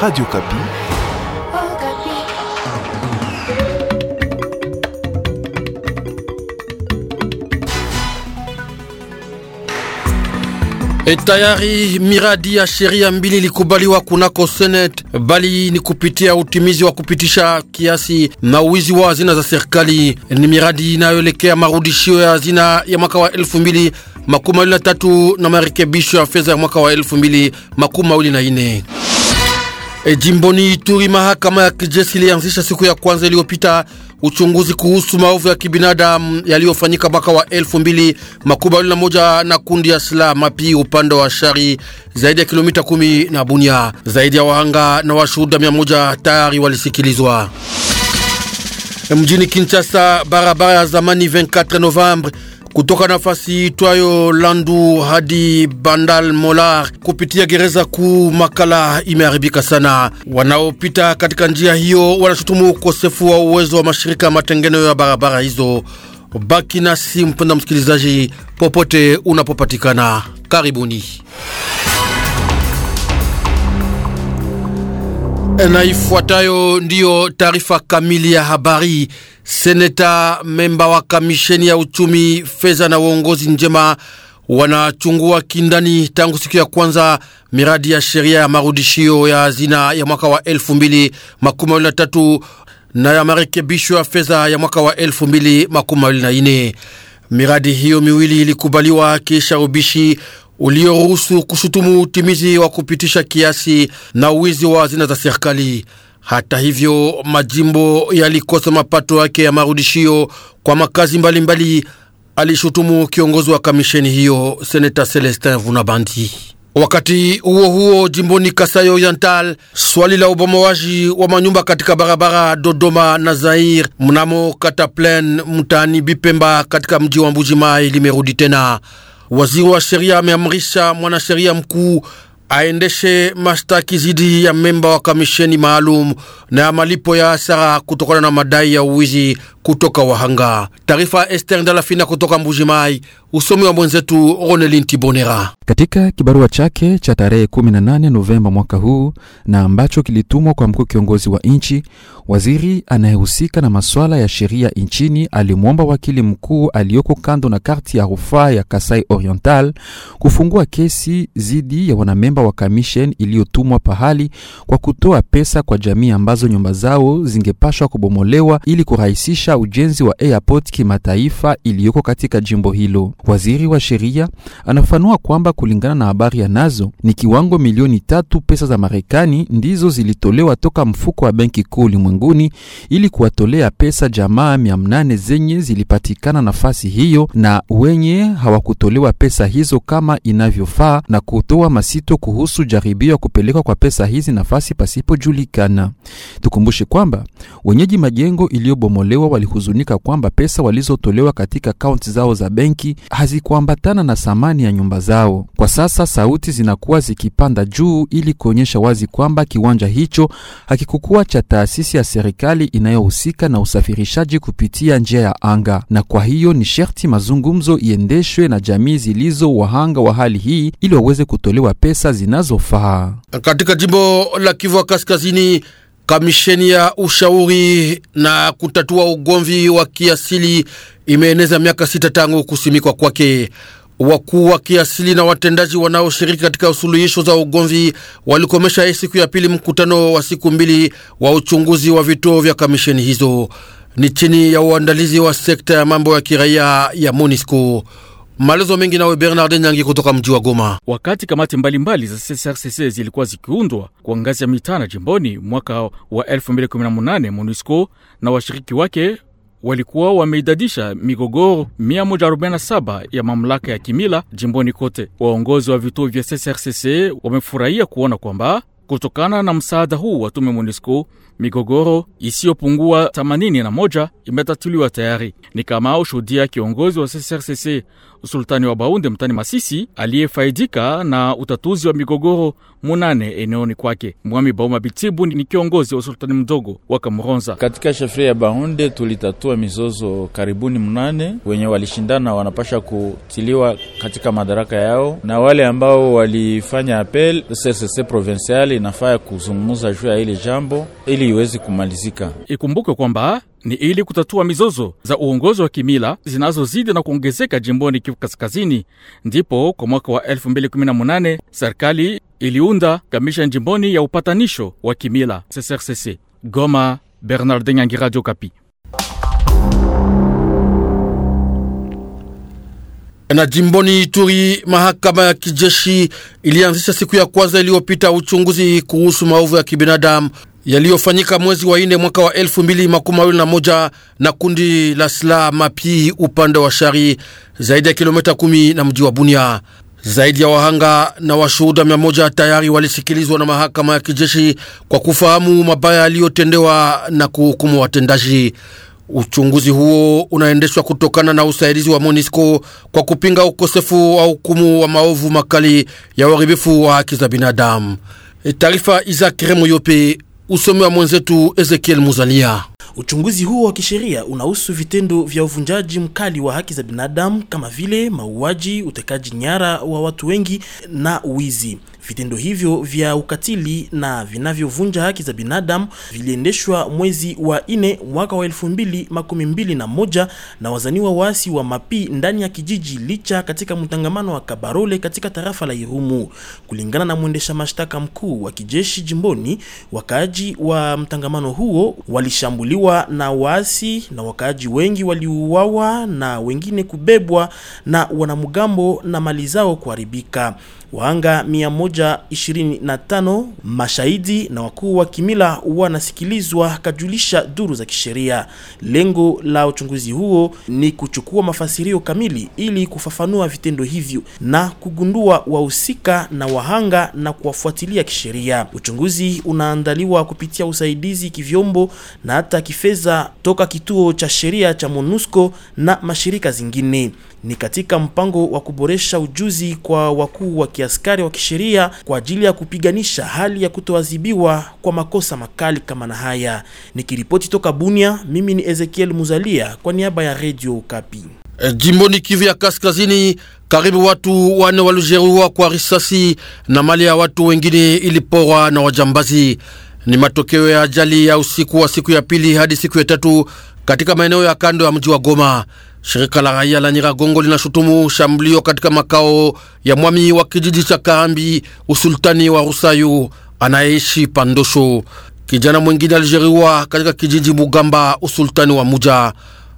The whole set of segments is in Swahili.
Radio Kapi. Oh, Kapi. E, tayari miradi ya sheria mbili ilikubaliwa kunako Senate bali ni kupitia utimizi wa kupitisha kiasi na uwizi wa hazina za serikali. Ni miradi inayoelekea marudishio ya hazina ya mwaka wa elfu mbili makumi mawili na tatu na marekebisho ya fedha ya mwaka wa elfu mbili makumi mawili na nne. E, jimboni Ituri mahakama ya kijeshi ilianzisha siku ya kwanza iliyopita uchunguzi kuhusu maovu ya kibinadamu yaliyofanyika mwaka wa 2021 na kundi ya silaha Mapi upande wa Shari, zaidi ya kilomita kumi na Bunia. Zaidi ya wahanga na washuhuda mia moja tayari walisikilizwa. E, mjini Kinshasa, barabara ya zamani 24 Novembre kutoka nafasi itwayo Landu hadi Bandal Molar kupitia gereza kuu Makala imeharibika sana. Wanaopita katika njia hiyo wanashutumu ukosefu wa uwezo wa mashirika ya matengenezo ya barabara hizo. Baki nasi mpenda msikilizaji, popote unapopatikana, karibuni. Eh, na ifuatayo ndiyo taarifa kamili ya habari. Seneta memba wa kamisheni ya uchumi, fedha na uongozi njema wanachungua kindani tangu siku ya kwanza miradi ya sheria ya marudishio ya hazina ya mwaka wa mawili na ya marekebisho ya fedha ya mwaka wa ine. Miradi hiyo miwili ilikubaliwa kisha ubishi ulioruhusu kushutumu utimizi wa kupitisha kiasi na uwizi wa hazina za serikali. Hata hivyo, majimbo yalikosa mapato yake ya marudishio kwa makazi mbalimbali mbali, alishutumu kiongozi wa kamisheni hiyo seneta Celestin Vunabandi. Wakati huo huo, jimboni Kasai Oriental, swali la ubomoaji wa manyumba katika barabara Dodoma na Zair mnamo Kataplen mtaani Bipemba katika mji wa Mbuji Mai limerudi tena. Waziri wa sheria ameamrisha mwanasheria mkuu aendeshe mashtaki dhidi ya memba wa kamisheni maalum na ya malipo ya hasara kutokana na madai ya uwizi kutoka Wahanga. Taarifa Ester Ndalafina kutoka Mbujimai, usomi wa mwenzetu Ronelin Tibonera. Katika kibarua chake cha tarehe 18 Novemba mwaka huu na ambacho kilitumwa kwa mkuu kiongozi wa nchi, waziri anayehusika na masuala ya sheria nchini alimwomba wakili mkuu aliyoko kando na karti ya rufaa ya Kasai Oriental kufungua kesi dhidi ya wanamemba wa kamishen iliyotumwa pahali kwa kutoa pesa kwa jamii ambazo nyumba zao zingepashwa kubomolewa ili kurahisisha ujenzi wa airport kimataifa iliyoko katika jimbo hilo. Waziri wa sheria anafanua kwamba kulingana na habari anazo, ni kiwango milioni tatu pesa za Marekani ndizo zilitolewa toka mfuko wa benki kuu ulimwenguni ili kuwatolea pesa jamaa mia nane zenye zilipatikana nafasi hiyo na wenye hawakutolewa pesa hizo kama inavyofaa, na kutoa masito kuhusu jaribio ya kupelekwa kwa pesa hizi nafasi pasipojulikana. Tukumbushe kwamba wenyeji majengo iliyobomolewa walihuzunika kwamba pesa walizotolewa katika akaunti zao za benki hazikuambatana na thamani ya nyumba zao. Kwa sasa sauti zinakuwa zikipanda juu ili kuonyesha wazi kwamba kiwanja hicho hakikukuwa cha taasisi ya serikali inayohusika na usafirishaji kupitia njia ya anga, na kwa hiyo ni sherti mazungumzo iendeshwe na jamii zilizo wahanga wa hali hii ili waweze kutolewa pesa zinazofaa. Katika jimbo la Kivu Kaskazini Kamisheni ya ushauri na kutatua ugomvi wa kiasili imeeneza miaka sita tangu kusimikwa kwake. Wakuu wa kiasili na watendaji wanaoshiriki katika usuluhisho za ugomvi walikomesha hii siku ya pili mkutano wa siku mbili wa uchunguzi wa vituo vya kamisheni hizo. Ni chini ya uandalizi wa sekta ya mambo ya kiraia ya MONUSCO. Malezo mengi nawe Bernard Nyangi kutoka mji wa Goma. Wakati kamati mbalimbali za CSRCC zilikuwa zikiundwa kwa ngazi ya mitaa na jimboni mwaka wa 2018, MONUSCO na washiriki wake walikuwa wameidadisha migogoro 147 ya mamlaka ya kimila jimboni kote. Waongozi wa vituo vya CSRCC wamefurahia kuona kwamba kutokana na msaada huu wa tume MONUSCO migogoro isiyopungua 81 imetatuliwa tayari, ni kama ushuhudia kiongozi wa CCRCC usultani wa Baunde mtani Masisi aliyefaidika na utatuzi wa migogoro munane eneoni kwake. Mwami Bauma Bitibu ni kiongozi wa usultani mdogo wa Kamuronza katika shafri ya Baunde. Tulitatua mizozo karibuni mnane, wenye walishindana wanapasha kutiliwa katika madaraka yao, na wale ambao walifanya apel CCRCC provincial inafaa kuzungumuza juu ya ile jambo ili iweze kumalizika. Ikumbuke kwamba ni ili kutatua mizozo za uongozi wa kimila zinazozidi na kuongezeka jimboni Kivu Kaskazini, ndipo kwa mwaka wa 2018 serikali iliunda kamisha jimboni ya upatanisho wa kimila CCRCC. Goma, Bernardin Nyangi, Radio Kapi. Na jimboni Ituri, mahakama ya kijeshi ilianzisha siku ya kwanza iliyopita uchunguzi kuhusu maovu ya kibinadamu yaliyofanyika mwezi wa ine mwaka wa elfu mbili makumi mawili na moja na kundi la silaha Mapi upande wa shari zaidi ya kilomita kumi na mji wa Bunia. Zaidi ya wahanga na washuhuda mia moja tayari walisikilizwa na mahakama ya kijeshi kwa kufahamu mabaya yaliyotendewa na kuhukumu watendaji. Uchunguzi huo unaendeshwa kutokana na usaidizi wa MONISCO kwa kupinga ukosefu wa hukumu wa maovu makali ya uharibifu wa haki za binadamu. Taarifa Isaac Remo Yope wa mwenzetu Ezekiel Muzalia. Uchunguzi huo wa kisheria unahusu vitendo vya uvunjaji mkali wa haki za binadamu kama vile mauaji, utekaji nyara wa watu wengi na wizi. Vitendo hivyo vya ukatili na vinavyovunja haki za binadamu viliendeshwa mwezi wa nne mwaka wa elfu mbili makumi mbili na moja na wazaniwa waasi wa Mapi ndani ya kijiji Licha katika mtangamano wa Kabarole katika tarafa la Irumu. Kulingana na mwendesha mashtaka mkuu wa kijeshi jimboni, wakaaji wa mtangamano huo walishambuliwa na waasi na wakaaji wengi waliuawa na wengine kubebwa na wanamgambo na mali zao kuharibika waanga 125 mashahidi na wakuu wa kimila wanasikilizwa, kajulisha duru za kisheria. Lengo la uchunguzi huo ni kuchukua mafasirio kamili ili kufafanua vitendo hivyo na kugundua wahusika na wahanga na kuwafuatilia kisheria. Uchunguzi unaandaliwa kupitia usaidizi kivyombo na hata kifedha toka kituo cha sheria cha MONUSCO na mashirika zingine. Ni katika mpango wa kuboresha ujuzi kwa wakuu wa kiaskari wa kisheria kwa ajili ya kupiganisha hali ya kutoadhibiwa kwa makosa makali kama na haya. Nikiripoti toka Bunia, mimi ni Ezekiel Muzalia kwa niaba ya Radio Okapi. E, eh, jimboni Kivu ya Kaskazini, karibu watu wane walijeruhiwa kwa risasi na mali ya watu wengine iliporwa na wajambazi. Ni matokeo ya ajali ya usiku wa siku ya pili hadi siku ya tatu katika maeneo ya kando ya mji wa Goma. Shirika la raia la Nyiragongo linashutumu shambulio katika makao ya mwami wa kijiji cha Kaambi, usultani wa Rusayu, anayeishi Pandosho. Kijana mwingine alijeruhiwa katika kijiji Mugamba, usultani wa Muja.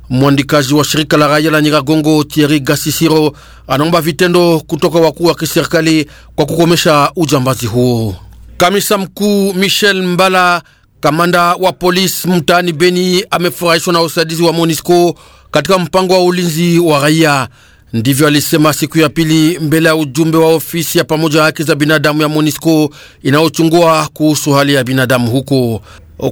Mwandikaji wa shirika la raia la Nyiragongo Thierry Gasisiro anaomba vitendo kutoka wakuu wa kiserikali kwa kukomesha ujambazi huo. Kamisa mkuu Michel Mbala Kamanda wa polisi mtaani Beni amefurahishwa na usaidizi wa Monisco katika mpango wa ulinzi wa raia. Ndivyo alisema siku ya pili mbele ya ujumbe wa ofisi ya pamoja haki za binadamu ya Monisco inayochungua kuhusu hali ya binadamu huko.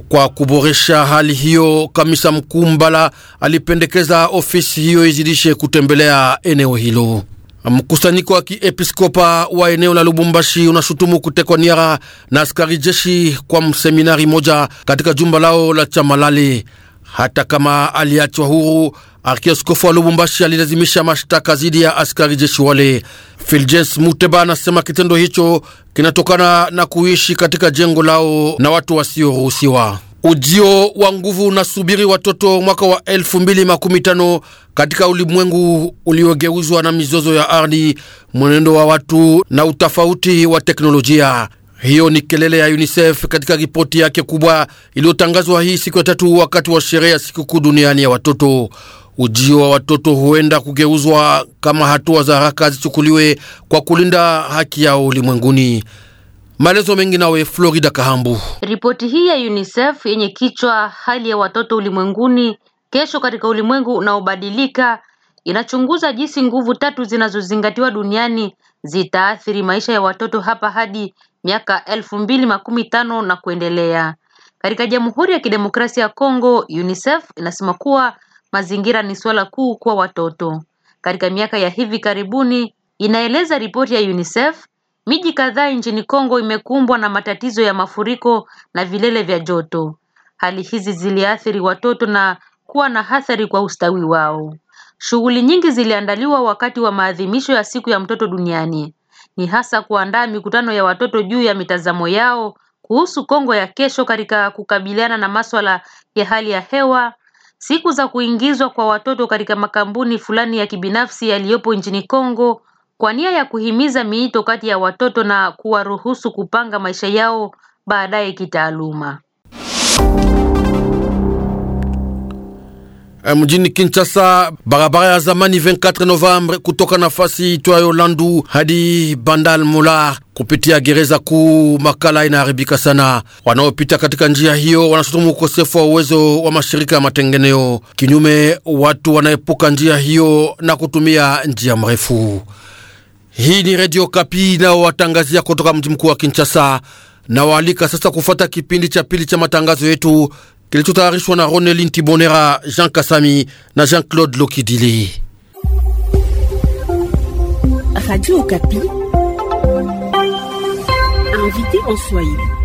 Kwa kuboresha hali hiyo, kamisa mkuu Mbala alipendekeza ofisi hiyo izidishe kutembelea eneo hilo. Mkusanyiko wa kiepiskopa wa eneo la Lubumbashi unashutumu kutekwa nyara na askari jeshi kwa mseminari moja katika jumba lao la Chamalali. Hata kama aliachwa huru, arkiaskofu wa Lubumbashi alilazimisha mashtaka dhidi ya askari jeshi wale. Filjens Muteba anasema kitendo hicho kinatokana na kuishi katika jengo lao na watu wasioruhusiwa. Ujio wa nguvu unasubiri watoto mwaka wa elfu mbili makumi tano katika ulimwengu uliogeuzwa na mizozo ya ardhi, mwenendo wa watu na utafauti wa teknolojia. Hiyo ni kelele ya UNICEF katika ripoti yake kubwa iliyotangazwa hii siku ya tatu wakati wa sherehe ya sikukuu duniani ya watoto. Ujio wa watoto huenda kugeuzwa kama hatua za haraka zichukuliwe kwa kulinda haki yao ulimwenguni. Maelezo mengi nawe Florida Kahambu. Ripoti hii ya UNICEF yenye kichwa hali ya watoto ulimwenguni kesho katika ulimwengu unaobadilika inachunguza jinsi nguvu tatu zinazozingatiwa duniani zitaathiri maisha ya watoto hapa hadi miaka elfu mbili makumi tano na kuendelea. Katika Jamhuri ya Kidemokrasia ya Kongo, UNICEF inasema kuwa mazingira ni suala kuu kwa watoto. Katika miaka ya hivi karibuni, inaeleza ripoti ya UNICEF, Miji kadhaa nchini Kongo imekumbwa na matatizo ya mafuriko na vilele vya joto. Hali hizi ziliathiri watoto na kuwa na athari kwa ustawi wao. Shughuli nyingi ziliandaliwa wakati wa maadhimisho ya siku ya mtoto duniani. Ni hasa kuandaa mikutano ya watoto juu ya mitazamo yao kuhusu Kongo ya kesho katika kukabiliana na masuala ya hali ya hewa, siku za kuingizwa kwa watoto katika makampuni fulani ya kibinafsi yaliyopo nchini Kongo kwa nia ya kuhimiza miito kati ya watoto na kuwaruhusu kupanga maisha yao baadaye kitaaluma. Eh, mjini Kinshasa, barabara ya zamani 24 Novembre kutoka nafasi itwayo Landu hadi Bandal Molar kupitia gereza kuu Makala inaharibika sana. Wanaopita katika njia hiyo wanashutumu ukosefu wa uwezo wa mashirika ya matengeneo. Kinyume, watu wanaepuka njia hiyo na kutumia njia mrefu. Hii ni Redio Kapi inayowatangazia kutoka mji mkuu wa Kinshasa na waalika sasa kufata kipindi cha pili cha matangazo yetu kilichotayarishwa na Ronelin Tibonera, Jean Kasami na Jean-Claude Lokidili. Radio Kapi invité en Swahili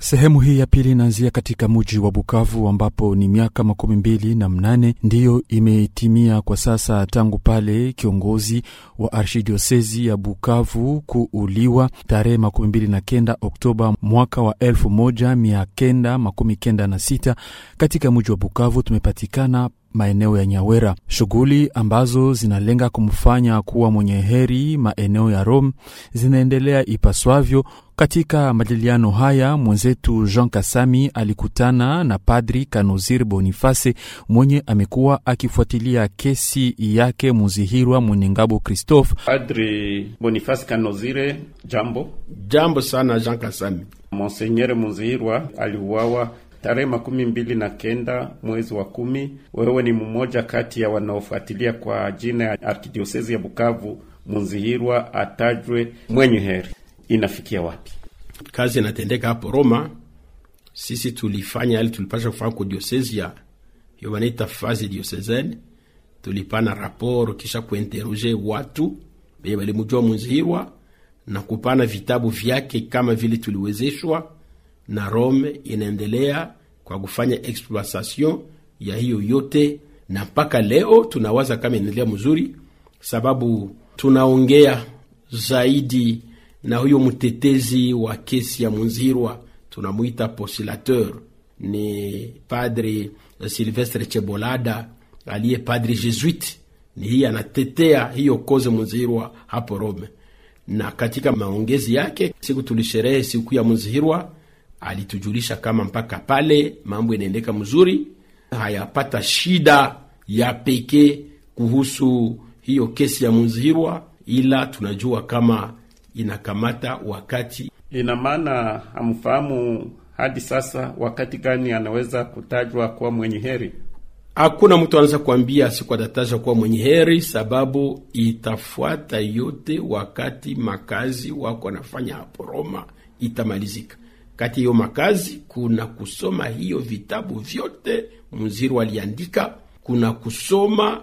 Sehemu hii ya pili inaanzia katika muji wa Bukavu ambapo ni miaka makumi mbili na mnane ndiyo imetimia kwa sasa tangu pale kiongozi wa arshidiosezi ya Bukavu kuuliwa tarehe makumi mbili na kenda Oktoba mwaka wa elfu moja mia kenda makumi kenda na sita katika muji wa Bukavu tumepatikana maeneo ya Nyawera, shughuli ambazo zinalenga kumfanya kuwa mwenye heri maeneo ya Rome zinaendelea ipaswavyo katika majadiliano haya mwenzetu Jean Kasami alikutana na Padri Kanozir Boniface mwenye amekuwa akifuatilia kesi yake Muzihirwa ngabo Christophe. Padri Boniface Kanozire, jambo. Jambo sana Jean Kasami. Monsenyere Muzihirwa aliuawa tarehe makumi mbili na kenda mwezi wa kumi. Wewe ni mmoja kati ya wanaofuatilia kwa jina ya arkidiosezi ya Bukavu Muzihirwa atajwe mwenye heri inafikia wapi? Kazi inatendeka hapo Roma. Sisi tulifanya yale tulipasha kufanya kwa diosezi ya hiyo, wanaita fazi diosezeni, Tulipana raporo kisha kuinteroge watu beye walimujua mwenziwa na kupana vitabu vyake kama vile tuliwezeshwa na Rome. Inaendelea kwa kufanya exploitation ya hiyo yote, na mpaka leo tunawaza kama inaendelea mzuri, sababu tunaongea zaidi na huyo mtetezi wa kesi ya Munzirwa tunamwita postulateur ni Padri eh, Silvestre Chebolada aliye padri Jesuit, ni hii anatetea hiyo koze Munzihirwa hapo Rome. Na katika maongezi yake, siku tulisherehe siku ya Munzihirwa, alitujulisha kama mpaka pale mambo inaendeka mzuri, hayapata shida ya pekee kuhusu hiyo kesi ya Munzihirwa, ila tunajua kama inakamata wakati. Ina maana hamfahamu hadi sasa wakati gani anaweza kutajwa kuwa mwenye heri? Hakuna mtu anaweza kuambia siku atataja kuwa mwenye heri, sababu itafuata yote wakati makazi wako wanafanya hapo Roma itamalizika. Kati hiyo makazi kuna kusoma hiyo vitabu vyote munzihirwa aliandika, kuna kusoma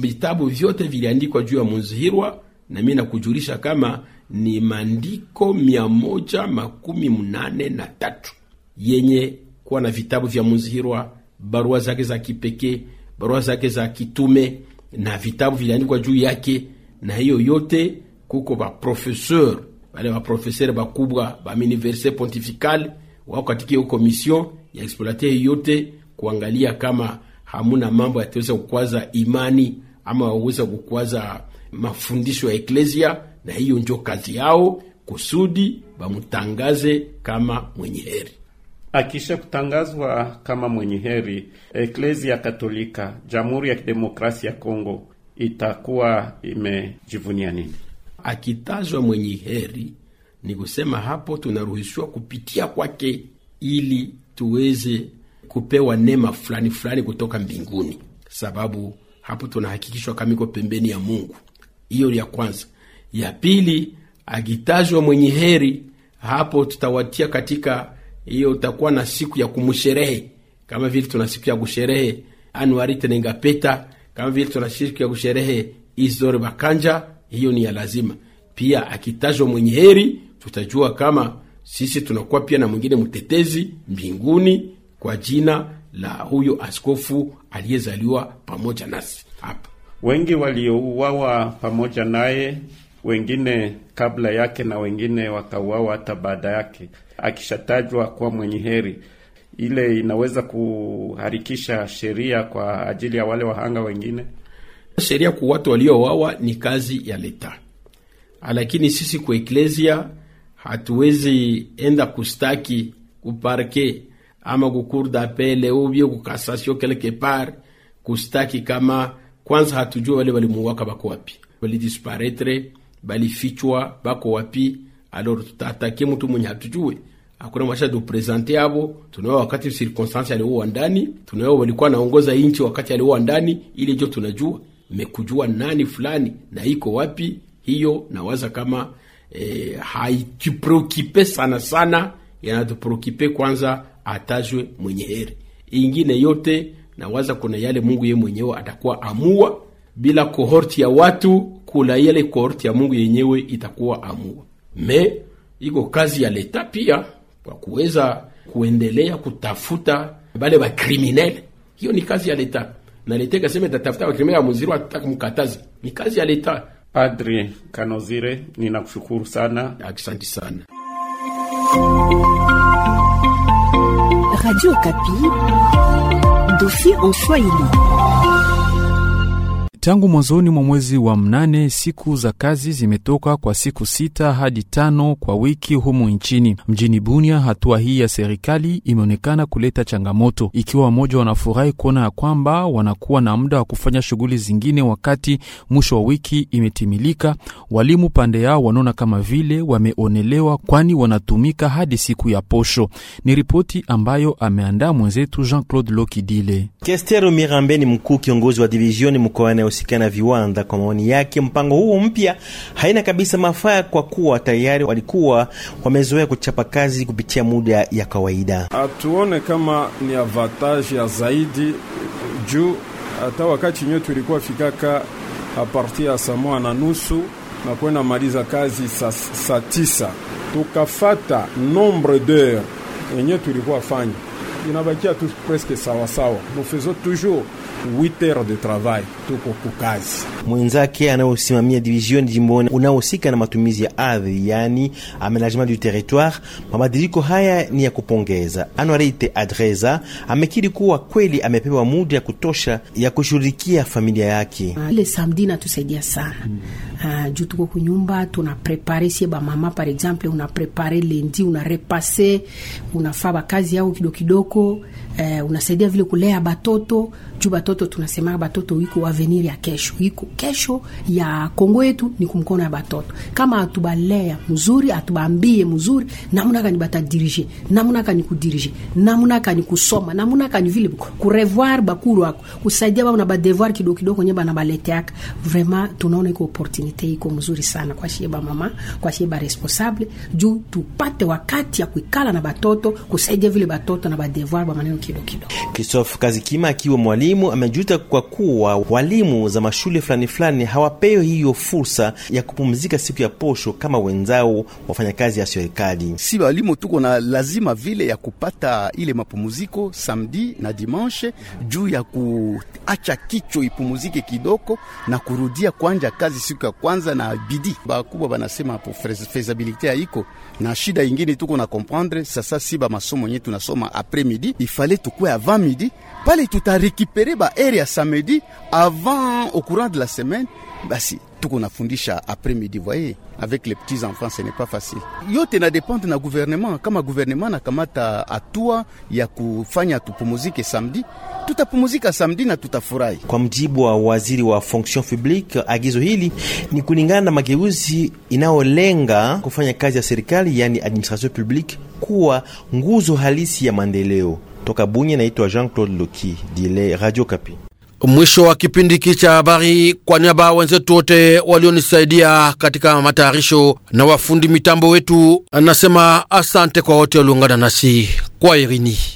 vitabu vyote viliandikwa juu ya Munzirwa, na mi nakujulisha kama ni maandiko mia moja makumi mnane na tatu yenye kuwa na vitabu vya Muzihirwa, barua zake za kipekee, barua zake za kitume na vitabu viliandikwa juu yake. Na hiyo yote kuko baprofeseur wale baprofeseur bakubwa ba universite pontificale wao katika hiyo komision ya exploiter hiyo yote, kuangalia kama hamuna mambo yataweza kukwaza imani ama waweza kukwaza mafundisho ya eklesia na hiyo njo kazi yao kusudi bamutangaze kama mwenye heri. Akisha kutangazwa kama mwenye heri, Eklezia Katolika Jamhuri ya Kidemokrasia ya Kongo itakuwa imejivunia nini? Akitazwa mwenye heri, ni kusema hapo tunaruhusiwa kupitia kwake, ili tuweze kupewa neema fulani fulani kutoka mbinguni, sababu hapo tunahakikishwa kama iko pembeni ya Mungu. Hiyo ya kwanza ya pili, akitajwa mwenye heri, hapo tutawatia katika hiyo, utakuwa na siku ya kumsherehe kama vile tuna siku ya kusherehe Anuari Tenengapeta, kama vile tuna siku ya kusherehe isdor Bakanja. Hiyo ni ya lazima pia. Akitajwa mwenye heri, tutajua kama sisi tunakuwa pia na mwingine mtetezi mbinguni kwa jina la huyo askofu aliyezaliwa pamoja nasi hapa. Wengi waliouawa pamoja naye wengine kabla yake na wengine wakauawa hata baada yake. Akishatajwa kuwa mwenye heri, ile inaweza kuharikisha sheria kwa ajili ya wale wahanga wengine. Sheria kwa watu waliowawa ni kazi ya leta, lakini sisi kwa eklesia hatuwezi enda kustaki kuparke ama kukurda pele uvyo kukasasio quelque par kustaki, kama kwanza hatujua wale walimuwaka bako wapi, balifichwa bako wapi? Alors tutaatake mutu mwenye hatujue akuna masha do presente abo tunao wakati circonstance wa ndani tunao walikuwa naongoza inchi wakati wa ndani, ile ndio tunajua mekujua nani fulani na iko wapi. Hiyo nawaza kama e, haitupreokipe sana sana, yanatupreokipe kwanza atajwe mwenye heri. Ingine yote nawaza kuna yale Mungu ye mwenyewe atakuwa amua bila kohorti ya watu kula yale korti ya Mungu yenyewe itakuwa amua. Me iko kazi ya leta pia kwa kuweza kuendelea kutafuta bale ba kriminelle. Hiyo ni kazi ya leta. Na leta kasema itatafuta bakriminele amuziri wa muziro atataka Ni kazi ya leta. Padri Kanozire, ninakushukuru sana. Asante sana. Radio Kapi, en Swahili. Tangu mwanzoni mwa mwezi wa mnane siku za kazi zimetoka kwa siku sita hadi tano kwa wiki humu nchini. Mjini Bunia, hatua hii ya serikali imeonekana kuleta changamoto, ikiwa wamoja wanafurahi kuona ya kwamba wanakuwa na muda wa kufanya shughuli zingine wakati mwisho wa wiki imetimilika. Walimu pande yao wanaona kama vile wameonelewa, kwani wanatumika hadi siku ya posho. Ni ripoti ambayo ameandaa mwenzetu Jean Claude Lokidile. Kester Mirambe ni mkuu kiongozi wa divisioni mkoani wanaohusika na viwanda. Kwa maoni yake, mpango huo mpya haina kabisa mafaa kwa kuwa tayari walikuwa wamezoea kuchapa kazi kupitia muda ya kawaida. Hatuone kama ni avantage ya zaidi juu hata wakati nyewe tulikuwa fikaka aparti ya samoa na nusu na kwenda maliza kazi saa sa tisa, tukafata nombre d'heure yenyewe tulikuwa fanya inabakia tu preske sawasawa, mufezo toujours heures de travail, tuko kukazi. Mwenzake anaosimamia division jimboni unaohusika na matumizi ya ardhi, yani amenagement du territoire. Mabadiliko haya ni ya kupongeza. Anuarite Adreza amekiri kuwa kweli amepewa muda ya kutosha ya kushughulikia familia yake. Ile ah, samedi natusaidia sana uh, juu tuko kunyumba tunaprepare sie bamama par exemple una prepare lendi una unarepase unafaa kazi yao kidogo kidogo uh, unasaidia vile kulea batoto juu batoto tunasema batoto iko avenir ya kesho wiko kesho ya Kongo yetu ni kumkono ya batoto kama atubalea mzuri atubambie mzuri namuna kani batadirije namuna kani kudirije namuna kani kusoma namuna kani vile kurevoir bakuru wako kusaidia bana badevoir kidogo kidogo nye bana baleteaka vraiment tunaona iko opportunity society iko mzuri sana kwa shieba mama kwa shieba responsable juu tupate wakati ya kuikala na batoto kusaidia vile batoto na badevoir ba maneno kidogo kidogo. Christophe Kazikima akiwa mwalimu amejuta kwa kuwa walimu za mashule fulani fulani hawapewi hiyo fursa ya kupumzika siku ya posho kama wenzao wafanyakazi ya serikali. Si walimu tuko na lazima vile ya kupata ile mapumziko samedi na dimanche juu ya kuacha kichwa ipumzike kidogo na kurudia kwanja kazi siku ya kwanza na bidi Bakubwa banasema po feasibility haiko na shida ingine, tuko na comprendre sasa. Si ba masomo yetu tunasoma après midi, ifale tukue avant midi pale, tutarekipere ba area samedi avant au courant de la semaine, basi tuko nafundisha après midi, voyez avec les petits enfants ce n'est pas facile. Yote na dépendre na gouvernement. Kama gouvernement na nakamata hatua ya kufanya tupumuzike samedi, tutapumuzika samedi na tutafurahi. Kwa mjibu wa waziri wa fonction publique, agizo hili ni kulingana na mageuzi inayolenga kufanya kazi ya serikali, yani administration publique, kuwa nguzo halisi ya maendeleo. Toka Bunya, naitwa Jean-Claude Loki dile Radio Kapi. Mwisho wa kipindi hiki cha habari, kwa niaba wenzetu wote walionisaidia katika matayarisho na wafundi mitambo wetu, nasema asante kwa wote walioungana nasi kwa irini.